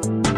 Thank you.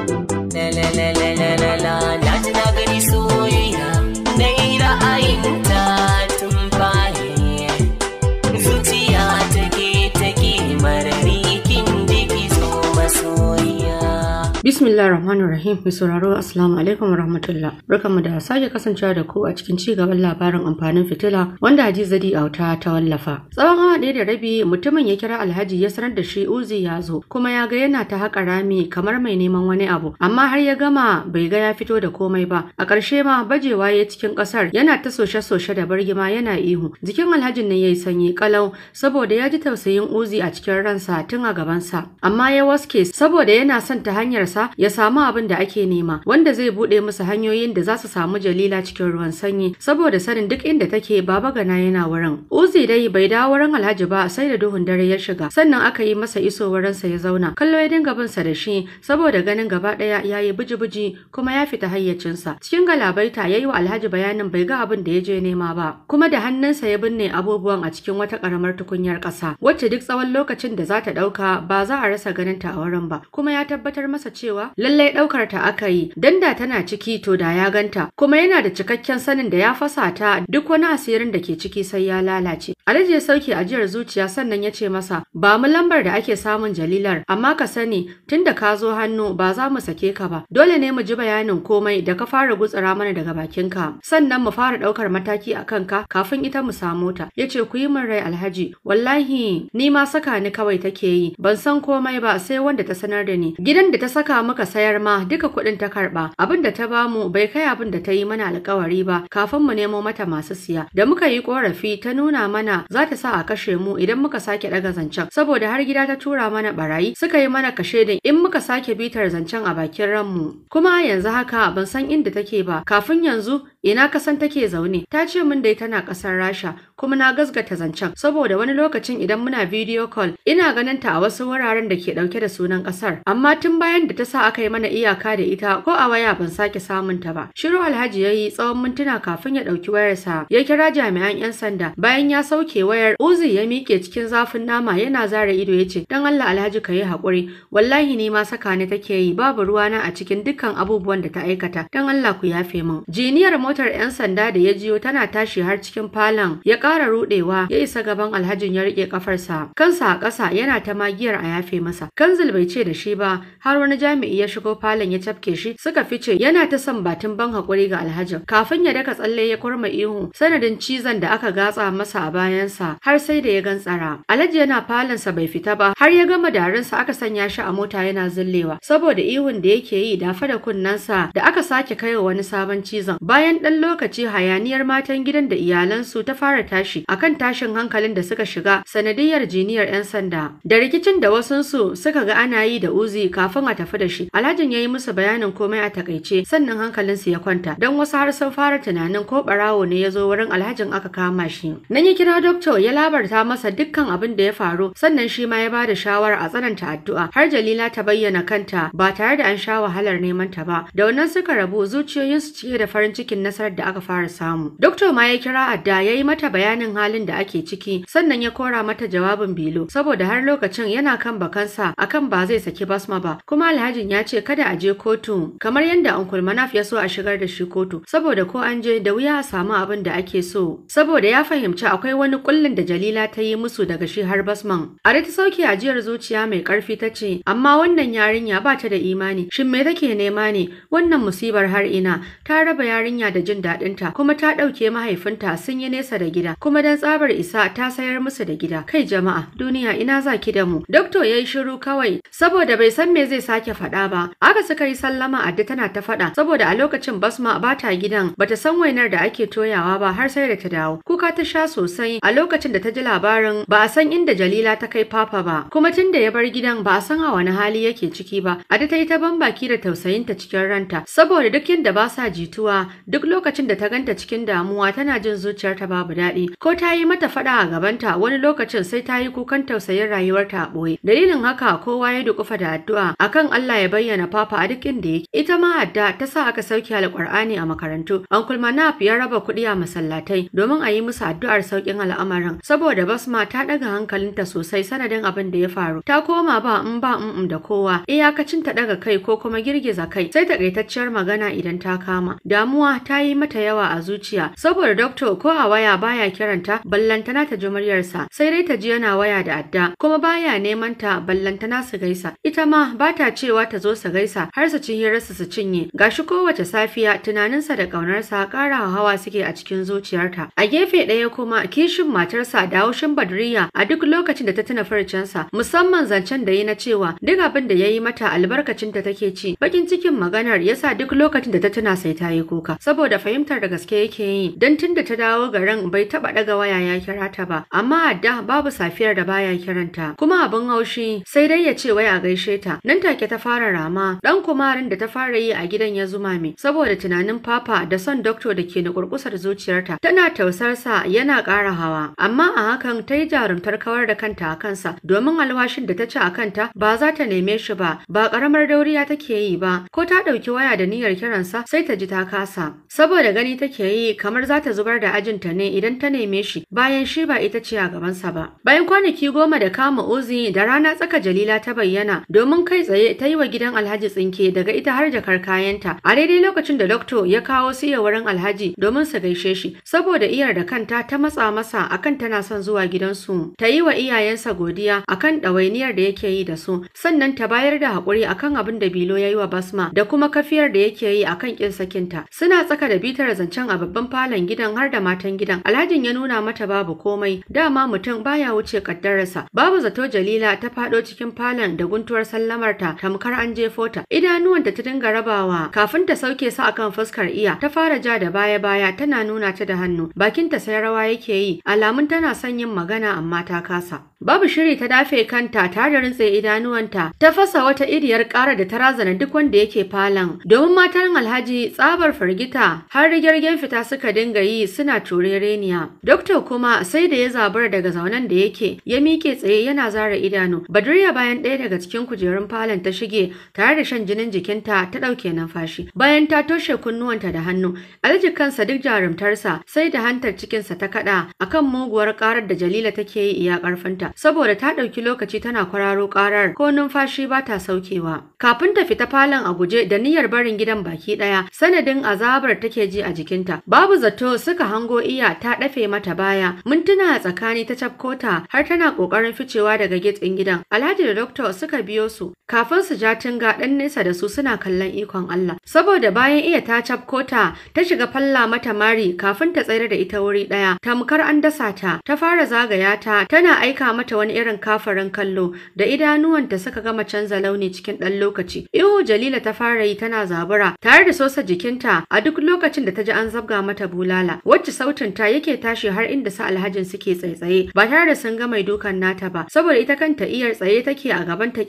Bismillah Rahman Rahim mai sauraro Assalamu alaikum rahmatullah. Barkanmu da sake kasancewa da ku a cikin ci gaban labarin amfanin fitila wanda Hadiza Di Auta ta wallafa. Tsawon haɗe da rabi mutumin ya kira Alhaji ya sanar da shi Uzi ya zo kuma ya ga yana ta haƙa rami kamar mai neman wani abu amma har ya gama bai ga ya fito da komai ba. A ƙarshe ma bajewa ya cikin ƙasar yana ta soshe-soshe da bargima yana ihu. Jikin Alhajin nan yayi sanyi kalau saboda ya ji tausayin Uzi a cikin ransa tun a gabansa amma ya waske saboda yana son ta hanyar sa ya samu abin da ake nema wanda zai buɗe musu hanyoyin da za su samu Jalila cikin ruwan sanyi saboda sanin duk inda take Baba Gana yana wurin. Uzi dai bai dawo wurin Alhaji ba sai da duhun dare ya shiga sannan aka yi masa wurin sa ya zauna kallo ya dinga bin sa da shi saboda ganin gaba ɗaya ya yi buji-buji kuma ya fita hayyacinsa. Cikin galabaita ya yi wa Alhaji bayanin bai ga abin da ya je nema ba kuma da hannunsa ya binne abubuwan a cikin wata karamar tukunyar ƙasa wacce duk tsawon lokacin da za ta ɗauka ba za a rasa ganin ta a wurin ba kuma ya tabbatar masa cewa cewa lallai ɗaukar ta aka yi dan da tana ciki to da ya ganta kuma yana da cikakken sanin da ya fasa ta duk wani asirin da ke ciki sai ya lalace. Alhaji ya sauke ajiyar zuciya sannan ya ce masa ba mu lambar da ake samun jalilar amma ka sani tunda ka zo hannu ba za mu sake ka ba dole ne mu ji bayanin komai da ka fara gutsura mana daga bakinka sannan mu fara ɗaukar mataki a kanka kafin ita mu samu ta ya ce ku yi min rai alhaji wallahi ni ma saka ni kawai take yi ban san komai ba sai wanda ta sanar da ni gidan da ta saka a muka sayar ma duka kuɗin ta karɓa abin da ta bamu bai kai abin da ta yi mana alƙawari ba kafin mu nemo mata masu siya da muka yi korafi ta nuna mana za ta sa a kashe mu idan muka sake ɗaga zancen saboda har gida ta tura mana barayi suka yi mana kashe din in muka sake bitar zancen a bakin ranmu kuma yanzu haka ban san inda take ba kafin yanzu ina kasan take zaune ta ce min dai tana kasar Rasha kuma na gasgata zancen saboda wani lokacin idan muna video call ina ganin ta a wasu wuraren da ke dauke da sunan kasar amma tun bayan da ta sa aka yi mana iyaka da ita ko a waya ban sake samun ta ba shiru Alhaji yayi tsawon mintuna kafin ya dauki wayarsa ya kira jami'an yan sanda bayan ya sauke wayar Uzi ya mike cikin zafin nama yana zara ido ya ce, dan Allah Alhaji ka yi hakuri wallahi ni ma saka ne take yi babu ruwana a cikin dukkan abubuwan da ta aikata dan Allah ku yafe min jiniyar motar 'yan sanda da ya jiyo tana tashi har cikin falon ya ƙara ruɗewa ya isa gaban alhajin ya riƙe ƙafarsa. kansa a ƙasa yana ta magiyar a yafe masa kanzil bai ce da shi ba har wani jami'i ya shigo falon ya cafke shi suka fice yana ta son batun ban haƙuri ga alhajin kafin ya daka tsalle ya kurma ihu sanadin cizon da aka gatsa masa a bayansa har sai da ya gantsara alhaji yana falonsa bai fita ba har ya gama darinsa aka sanya shi a mota yana zillewa saboda ihun da yake yi dafa da kunnensa da aka sake kaiwa wani sabon cizon bayan ɗan lokaci hayaniyar matan gidan da iyalansu ta fara tashi akan tashin hankalin da suka shiga sanadiyar jiniyar 'yan sanda. Da rikicin da wasunsu suka ga ana yi da uzi kafin a tafi da shi. Alhajin ya yi musu bayanin komai a takaice sannan hankalin su ya kwanta don wasu har sun fara tunanin ko ɓarawo ne ya zo wurin alhajin aka kama shi. Nan ya kira doktor ya labarta masa dukkan abin da ya faru sannan shi ma ya ba da shawara a tsananta addu'a har Jalila ta bayyana kanta ba tare da an sha wahalar neman ta ba. Da wannan suka rabu zuciyoyinsu cike da farin cikin nasarar da aka fara samu. Doktor ma ya kira adda ya yi mata bayanin halin da ake ciki sannan ya kora mata jawabin bilo saboda har lokacin yana kan bakansa akan ba zai saki basma ba kuma alhajin ya ce kada a je kotu kamar yadda Uncle Manaf ya so a shigar da shi kotu saboda ko an je da wuya a samu abin da ake so saboda ya fahimci akwai wani kullin da Jalila ta yi musu daga shi har basman. Are ta sauke ajiyar zuciya mai karfi ta ce amma wannan yarinya ba ta da imani shin me take nema ne wannan musibar har ina ta raba yarinya da da jin ta kuma ta ɗauke mahaifinta sun yi nesa da gida kuma dan tsabar isa ta sayar musu da gida kai jama'a duniya ina za ki da mu doctor yayi shiru kawai saboda bai san me zai sake fada ba aka suka yi sallama adda tana ta fada. saboda a lokacin basma ba ta gidan bata san wainar da ake toyawa ba har sai da ta dawo kuka ta sha sosai a lokacin da ta ji labarin ba a san inda Jalila ta kai Papa ba kuma tunda ya bar gidan ba a san a wani hali yake ciki ba da ta yi ta bambaki da tausayinta cikin ranta saboda duk inda ba sa jituwa duk lokacin da ta ganta cikin damuwa tana jin zuciyarta babu daɗi ko ta yi mata faɗa a gabanta wani lokacin sai ta yi kukan tausayin rayuwarta a ɓoye. Dalilin haka kowa ya dukufa da addu'a akan Allah ya bayyana Papa a duk inda yake. Ita ma adda ta sa aka sauke alƙur'ani a makarantu. Uncle Manaf ya raba kuɗi a masallatai domin a yi musu addu'ar sauƙin al'amarin saboda Basma ta ɗaga hankalinta sosai sanadin abin da ya faru. Ta koma ba in um ba in um um da kowa iyakacin ta ɗaga kai ko kuma girgiza kai sai takaitacciyar magana idan ta kama. Damuwa ta yi mata yawa a zuciya saboda doctor ko a waya baya kiranta ballantana ta ji muryarsa sai dai ta ji yana waya da adda kuma baya neman ta ballantana su gaisa ita ma ba ta cewa ta zo su gaisa har su ci hirarsa su cinye gashi kowace safiya tunaninsa da ƙaunarsa ƙara hawa suke a cikin zuciyarta a gefe ɗaya kuma kishin matarsa da haushin badriya a duk lokacin da ta tuna farcensa musamman zancen da yi na cewa duk abin da ya yi mata albarkacinta take ci bakin cikin maganar yasa duk lokacin da ta tuna sai ta yi kuka saboda da fahimtar da gaske yake yi don tun da ta dawo garin bai taba daga waya ya kira ta ba amma adda babu safiyar da baya kiranta kuma abin haushi sai dai ya ce wai a gaishe ta nan take ta fara rama dan kumarin da ta fara yi a gidan ya zuma mai saboda tunanin papa da son doctor da ke kurkusar zuciyarta tana tausar sa yana ƙara hawa amma a hakan ta yi jarumtar kawar da kanta a kansa domin alwashin da ta ci a kanta ba za ta neme shi ba ba ƙaramar dauriya take yi ba ko ta ɗauki waya da niyyar kiransa sai ta ji ta kasa saboda gani take yi kamar za ta zubar da ajinta ne idan ta neme shi bayan shi ba ita ce a gabansa ba. Bayan kwanaki goma da kama ozi da rana tsaka Jalila ta bayyana domin kai tsaye ta yi wa gidan Alhaji tsinke daga ita har jakar kayanta. A daidai lokacin da Dokto ya kawo siya wurin Alhaji domin su gaishe shi saboda iyar da kanta ta matsa masa akan tana son zuwa gidan su, Ta yi wa iyayensa godiya akan ɗawainiyar da yake yi da su sannan ta bayar da haƙuri akan abin da Bilo ya yi wa Basma da kuma kafiyar da yake yi akan ƙin sakinta. Suna tsaka saka da bitar zancen a babban falon gidan har da matan gidan. Alhajin ya nuna mata babu komai, dama mutum baya wuce kaddararsa. Babu zato Jalila ta fado cikin falon da guntuwar sallamar sallamarta tamkar an jefo ta. Idanuwanta ta dinga rabawa kafin ta sauke su akan fuskar iya. Ta fara ja da baya-baya tana nuna ta da hannu. Bakinta sai rawa yake yi, alamun tana son yin magana amma ta kasa. Babu shiri ta dafe kanta ta da rintse idanuwanta ta fasa wata iriyar ƙara da ta razana duk wanda yake falon. Domin matan Alhaji tsabar firgita Har har rigirgen fita suka dinga yi suna turereniya. Dokta kuma sai da ya zabar daga zaunan da yake ya miƙe tsaye yana zara idanu. Badriya bayan ɗaya daga cikin kujerun falon ta shige tare da shan jinin jikinta ta ɗauke numfashi. Bayan ta toshe kunnuwanta da hannu, aljikansa kansa duk jarumtarsa sai da hantar cikinsa ta kaɗa akan muguwar ƙarar da Jalila take yi iya ƙarfinta saboda ta ɗauki lokaci tana kwararo ƙarar ko numfashi ba ta saukewa. Kafin ta fita falon a guje da niyyar barin gidan baki ɗaya sanadin azabar da take ji a jikinta. Babu zato suka hango iya ta dafe mata baya. Mintuna tsakani ta cafkota har tana kokarin ficewa daga gitsin gidan. Alhaji da doctor suka biyo su. Kafin su ja tinga dan nesa da su suna kallon ikon Allah. Saboda bayan iya ta cafkota ta shiga falla mata mari kafin ta tsayar da ita wuri daya. Tamkar an dasa ta ta fara zagaya ta tana aika mata wani irin kafarin kallo da idanuwanta suka gama canza launi cikin dan lokaci. Ihu Jalila ta fara yi tana zabura tare da sosa jikinta a duk lokacin da ta ji an zabga mata bulala wacce sautin ta yake tashi har inda sa alhajin suke tsaitsaye ba tare da sun ga mai dukan nata ba saboda ita kanta iyar tsaye take a gaban ta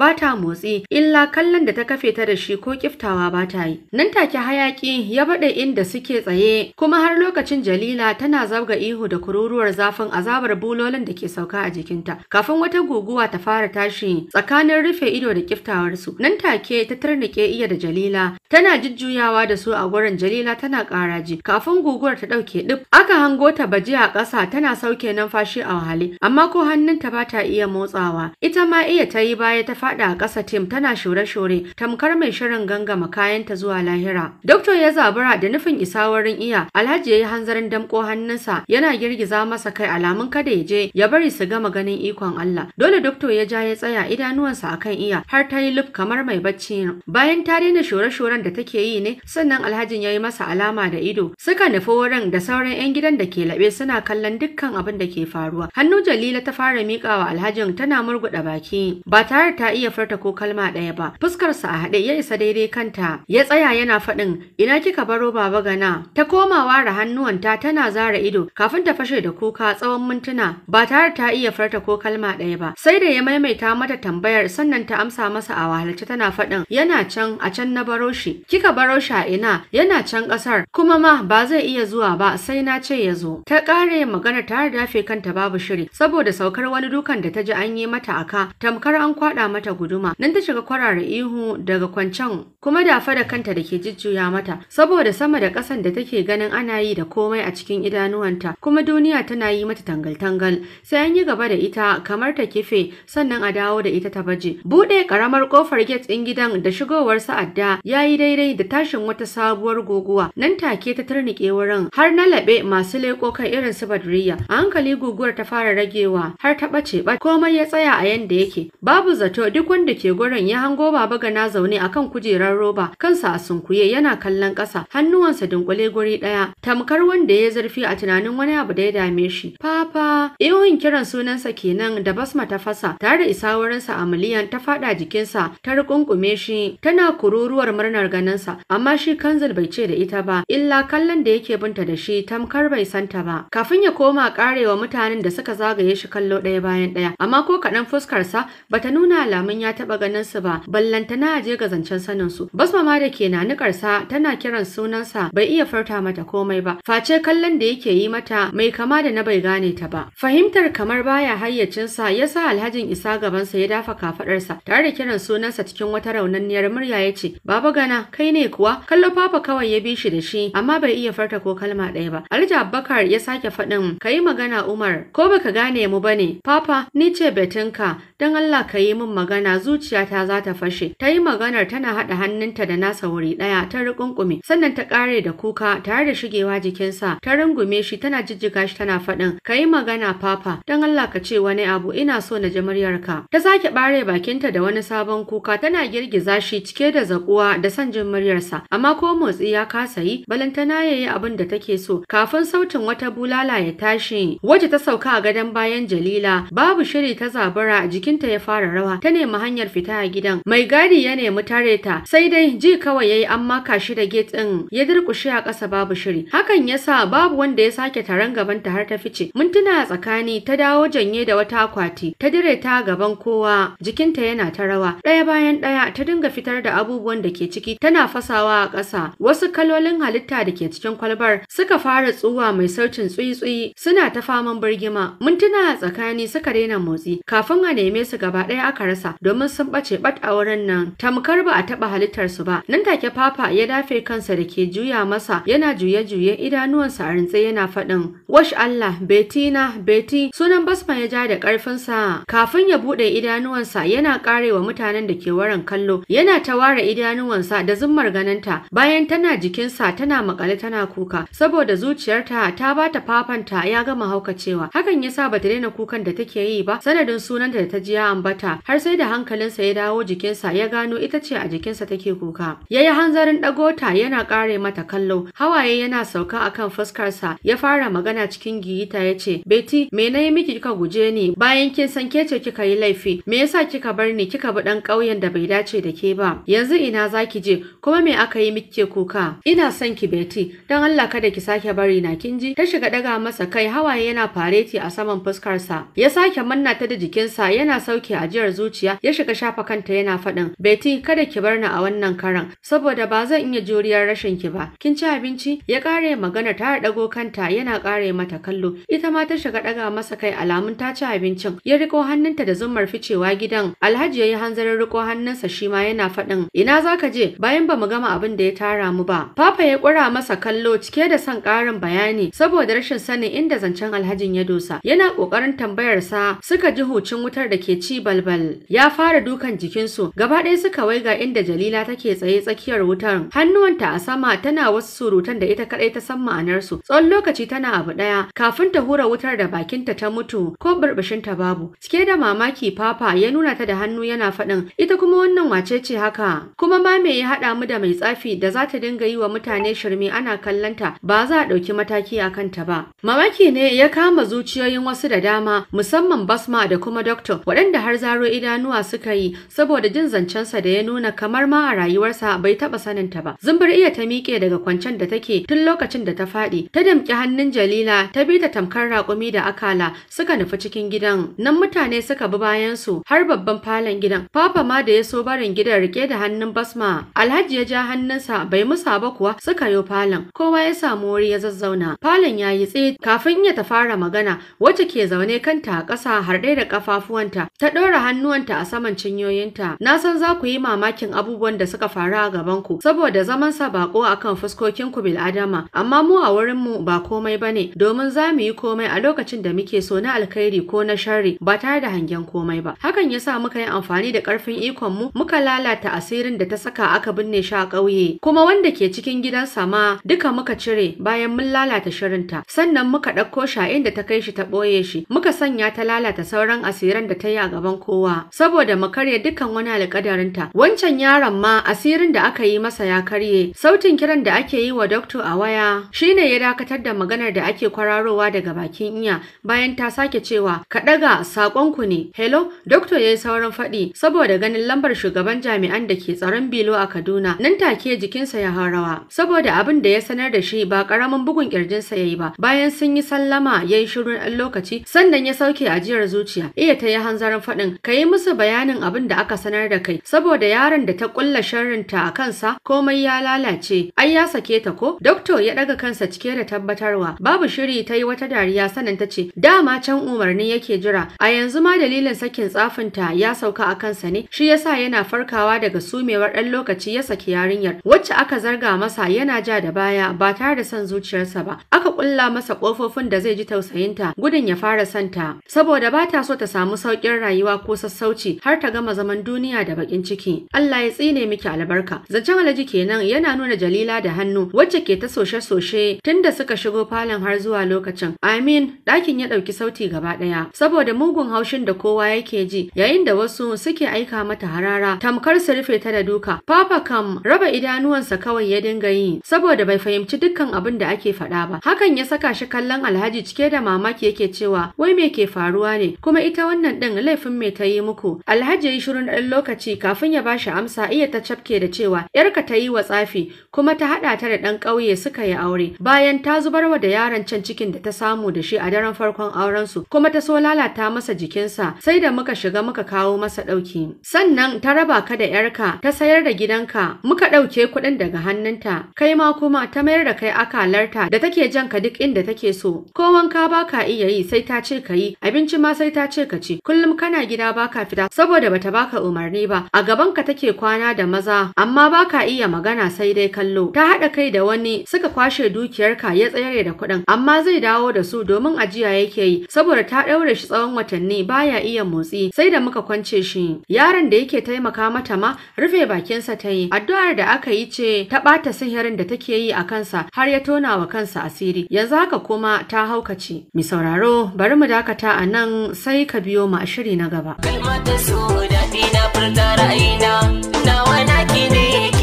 ba ta motsi illa kallon da ta kafe ta da shi ko kiftawa ba ta yi nan take hayaki ya bade inda suke tsaye kuma har lokacin Jalila tana zabga ihu da kururuwar zafin azabar bulolin da ke sauka a jikinta kafin wata guguwa ta fara tashi tsakanin rufe ido da kiftawar su nan take ta tarnike iya da Jalila tana jujjuyawa da su a gurin Jalila tana ƙaraji kafin guguwar ta ɗauke duk Aka hango ta baje a ƙasa tana sauke numfashi a wahale amma ko hannunta ba ta iya motsawa. Ita ma iya ta yi baya ta faɗa a ƙasa Tim tana shore-shore tamkar mai shirin gangama kayanta zuwa lahira. Doktor ya zabura da nufin isa wurin iya Alhaji ya yi hanzarin damƙo hannunsa yana girgiza masa kai alamun kada ya je ya bari su gama ganin ikon Allah. Dole doktor ya ja ya tsaya idanuwansa akan iya har ta yi luf kamar mai bacci. Bayan ta daina shore-shoren da take yi ne sannan Alhajin ya yi masa alama da ido suka nufi wurin da sauran 'yan gidan da ke laɓe suna kallon dukkan abin da ke faruwa hannu jalila ta fara miƙawa alhajin tana murguɗa baki ba tare ta iya furta ko kalma ɗaya ba fuskarsa a haɗe ya isa daidai kanta ya tsaya yana faɗin ina kika baro baba gana ta koma ware hannuwanta tana zara ido kafin ta fashe da kuka tsawon mintuna ba tare ta iya furta ko kalma ɗaya ba sai da ya maimaita mata tambayar sannan ta amsa masa a wahalce tana faɗin yana can a can na baro shi kika baro shi a ina yana yana can ƙasar kuma ma ba zai iya zuwa ba sai na ce ya zo. Ta ƙare magana ta har dafe kanta babu shiri saboda saukar wani dukan da ta ji an yi mata aka tamkar an kwaɗa mata guduma. Nan ta shiga kwarara ihu daga kwancen kuma dafa da kanta da ke jujjuya mata saboda sama da ƙasan da take ganin ana yi da komai a cikin idanuwanta kuma duniya tana yi mata tangal-tangal sai an yi gaba da ita kamar ta kife sannan a dawo da ita ta baje. Buɗe ƙaramar ƙofar gate ɗin gidan da shigowar sa'adda ya yi daidai da tashin wata sabuwar sabuwar guguwa nan take ta tarnike wurin har na laɓe masu leko kan irin su badriya a hankali guguwar ta fara ragewa har ta ɓace ba komai ya tsaya a yanda yake babu zato duk wanda ke gurin ya hango baba gana zaune akan kujerar roba kansa a sunkuye yana kallon ƙasa hannuwansa dunkule guri ɗaya tamkar wanda ya zurfi a tunanin wani abu da ya dame shi papa ihun kiran sunansa kenan da basma ta fasa tare da isa wurinsa a miliyan ta faɗa jikinsa ta rikunkume shi tana kururuwar murnar ganinsa amma shi kanzil bai amince da ita ba illa kallon da yake binta da shi tamkar bai santa ba kafin ya koma karewa mutanen da suka zagaye shi kallo ɗaya bayan ɗaya amma ko kaɗan fuskarsa bata nuna alamun ya taɓa ganin su ba ballantana je ga zancen sanin su basma ma da ke na sa tana kiran sunansa bai iya furta mata komai ba face kallon da yake yi mata mai kama da na bai gane ta ba fahimtar kamar baya hayyacinsa sa yasa alhajin isa gabansa ya dafa kafaɗarsa tare da kiran sunansa cikin wata raunanniyar murya ya ce baba gana kai ne kuwa kallo papa kawai kawai ya bi shi da shi amma bai iya farta ko kalma ɗaya ba Alija abubakar ya sake faɗin ka yi magana umar ko baka gane mu ba ne. papa ni ce betinka don allah ka yi min magana zuciyata za ta fashe ta yi maganar tana haɗa hannunta da nasa wuri ɗaya ta riƙunƙume sannan ta ƙare da kuka tare da shigewa jikinsa ta rungume shi tana jijjiga shi tana faɗin ka yi magana papa don allah ka ce wani abu ina so na ji muryarka ta sake ɓare bakinta da wani sabon kuka tana girgiza shi cike da zaƙuwa da son jin muryarsa amma ko motsi motsi ya kasa yi balantana ya yi abin da take so kafin sautin wata bulala ya tashi wacce ta sauka a gadon bayan Jalila babu shiri ta zabura jikinta ya fara rawa ta nemi hanyar fita a gidan mai gadi ya nemi tare ta sai dai ji kawai yayi amma kashi shi da gate din ya durkushe a kasa babu shiri hakan yasa babu wanda ya sake taron gaban ta har ta fice mintuna tsakani ta dawo janye da wata akwati ta dire ta gaban kowa jikinta yana ta rawa ɗaya bayan daya, ta dinga fitar da abubuwan da ke ciki tana fasawa a ƙasa wasu kalolin halitta da ke cikin kwalbar suka fara tsuwa mai saucin tsuyi-tsuyi suna ta faman birgima mintuna tsakani suka daina motsi kafin a neme su gaba ɗaya aka rasa domin sun ɓace ɓat a wurin nan tamkar ba a taɓa halittar su ba nan take papa ya dafe kansa da ke juya masa yana juye-juye idanuwansa a rintse yana faɗin wash Allah betina beti sunan basma ya ja da ƙarfinsa kafin ya buɗe idanuwansa yana ƙarewa mutanen da ke waran kallo yana ta ware idanuwansa da zummar ganinta bayan tana tana jikinsa tana makale tana kuka saboda zuciyarta ta ba ta fafanta ya gama haukacewa hakan yasa ba ta daina kukan da take yi ba sanadin sunanta da ta ji ya ambata har sai da hankalinsa ya dawo jikinsa ya gano ita ce a jikinsa take kuka yayi hanzarin dagota yana kare mata kallo hawaye yana sauka akan fuskarsa ya fara magana cikin giyita ya ce beti me na yi miki kika guje ni bayan kin san ke ce kika yi laifi me yasa kika bar ni kika bi dan ƙauyen da bai dace da ke ba yanzu ina zaki je kuma me aka yi miki kuka ka ina son ki beti don Allah kada ki sake bari na kinji ta shiga daga masa kai hawaye yana fareti a saman fuskarsa ya sake manna ta da jikin sa yana sauke ajiyar zuciya ya shiga shafa kanta yana faɗin beti kada ki bar ni a wannan karan saboda ba zan iya juriyar rashin ki ba kin ci abinci ya kare magana ta dago kanta yana kare mata kallo ita ma ta shiga daga masa kai alamun ta ci abincin ya riko hannunta da zummar ficewa gidan alhaji yayi hanzarin riko hannunsa shi ma yana faɗin ina zaka je bayan ba mu gama abin da ya tara mu ba. Papa ya ƙura masa kallo cike da son ƙarin bayani saboda rashin sanin inda zancen alhajin ya dosa. Yana ƙoƙarin sa suka ji hucin wutar da ke ci balbal. Ya fara dukan jikinsu gaba ɗaya suka wai ga inda Jalila take tsaye tsakiyar wutar. Hannuwanta a sama tana wasu surutan da ita kaɗai ta san ma'anarsu. Tsawon lokaci tana abu ɗaya kafin ta hura wutar da bakinta ta mutu ko burbushinta babu. Cike da mamaki Papa ya nuna ta da hannu yana faɗin ita kuma wannan wace ce haka. Kuma ma me ya haɗa mu da mai tsafi da za ta dinga yi wa mutane shirme ana kallanta ba za a ɗauki mataki a kanta ba. Mamaki ne ya kama zuciyoyin wasu da dama musamman Basma da kuma Doctor waɗanda har zaro idanuwa suka yi saboda jin zancensa da ya nuna kamar ma a rayuwarsa bai taɓa saninta ba. Zumbur iya ta miƙe daga kwancen da take tun lokacin da ta faɗi ta damƙi hannun Jalila ta bi ta tamkar raƙumi da akala suka nufi cikin gidan nan mutane suka bi bayansu har babban falon gidan. Papa ma da ya so barin gidan rike da hannun Basma Alhaji ya ja hannunsa bai musa ba kuwa suka yo falon kowa ya samu wuri ya zazzauna falon ya yi tsaye kafin ya ta fara magana wacce ke zaune kanta a ƙasa har da ƙafafuwanta ta ɗora hannuwanta a saman cinyoyinta na san za ku yi mamakin abubuwan da suka faru a gabanku saboda zaman sa bako akan fuskokin ku bil adama amma mu a wurinmu ba komai bane domin za mu yi komai a lokacin da muke so na alkhairi ko na sharri ba tare da hangen komai ba hakan yasa muka yi amfani da ƙarfin ikon mu muka lalata asirin da ta saka aka binne shi a ƙauye kuma wanda da ke cikin gidansa ma duka muka cire bayan mun lalata shirinta sannan muka ɗauko sha'in da ta kai shi ta ɓoye shi muka sanya ta lalata sauran asirin da ta yi a gaban kowa saboda mu karya dukkan wani alƙadarinta wancan yaron ma asirin da aka yi masa ya karye sautin kiran da ake yi wa doctor a waya shine ya dakatar da maganar da ake kwararowa daga bakin iya bayan ta sake cewa ka ɗaga saƙonku ne hello doctor ya yi sauran faɗi saboda ganin lambar shugaban jami'an da ke tsaron bilo a kaduna nan take jikinsa ya rawa saboda abin da ya sanar da shi ba karamin bugun kirjinsa ya yi ba bayan sun yi sallama ya yi shirin ɗan lokaci sannan ya sauke ajiyar zuciya iya ta yi hanzarin faɗin ka yi musu bayanin abin da aka sanar da kai saboda yaron da ta ƙulla ta a kansa komai ya lalace ai ya sake ta ko doktor ya ɗaga kansa cike da tabbatarwa babu shiri ta yi wata dariya sannan ta ce dama can umarni yake jira a yanzu ma dalilin sakin tsafin ta ya sauka a kansa ne shi yasa yana farkawa daga sumewar ɗan lokaci ya saki yarinyar wacce aka zarga masa yana ja da baya ba tare da son zuciyarsa ba. Aka kulla masa kofofin da zai ji tausayinta gudun ya fara santa saboda ba ta so ta samu saukin rayuwa ko sassauci har ta gama zaman duniya da bakin ciki. Allah ya tsine miki albarka. Zancen alaji kenan yana nuna Jalila da hannu wacce ke ta soshe-soshe tunda suka shigo falon har zuwa lokacin. Amin dakin ya ɗauki sauti gaba ɗaya saboda mugun haushin da kowa yake ji yayin da wasu suke aika mata harara tamkar su rufe ta da duka. Papa kam raba idanuwansa kawai kawai ya dinga yi saboda bai fahimci dukkan abin da ake faɗa ba. Hakan ya saka shi kallon Alhaji cike da mamaki yake cewa wai me ke faruwa ne kuma ita wannan ɗin laifin me ta yi muku. Alhaji ya shirin ɗan lokaci kafin ya bashi amsa iya ta cafke da cewa ‘yarka ta yi wa tsafi kuma ta haɗa ta da ɗan ƙauye suka yi aure bayan ta zubar wa da yaron can cikin da ta samu da shi a daren farkon aurensu kuma ta so lalata masa jikinsa sai da muka shiga muka kawo masa ɗauki. Sannan ta raba ka da ‘yarka ta sayar da gidanka muka ɗauke kuɗin daga hannunta kai ma kuma ta mayar da kai akalarta da take jan ka duk inda take so ko wanka ba ka iya yi sai ta ce ka yi abinci ma sai ta ce ka ci kullum kana gida baka fita saboda bata baka umarni ba a gaban ka take kwana da maza amma baka iya magana sai dai kallo ta haɗa kai da wani suka kwashe dukiyarka ya tsayar da kuɗin amma zai dawo da su domin ajiya yake yi saboda ta ɗaure shi tsawon watanni baya iya motsi sai da muka kwance shi yaron da yake taimaka mata ma rufe bakinsa ta yi addu'ar da aka yi ce ta ɓata sihirin da take yi a kansa har ya tona wa kansa asiri yanzu haka kuma ta haukace mi sauraro bari mu dakata a nan sai ka biyo mu a shiri na gaba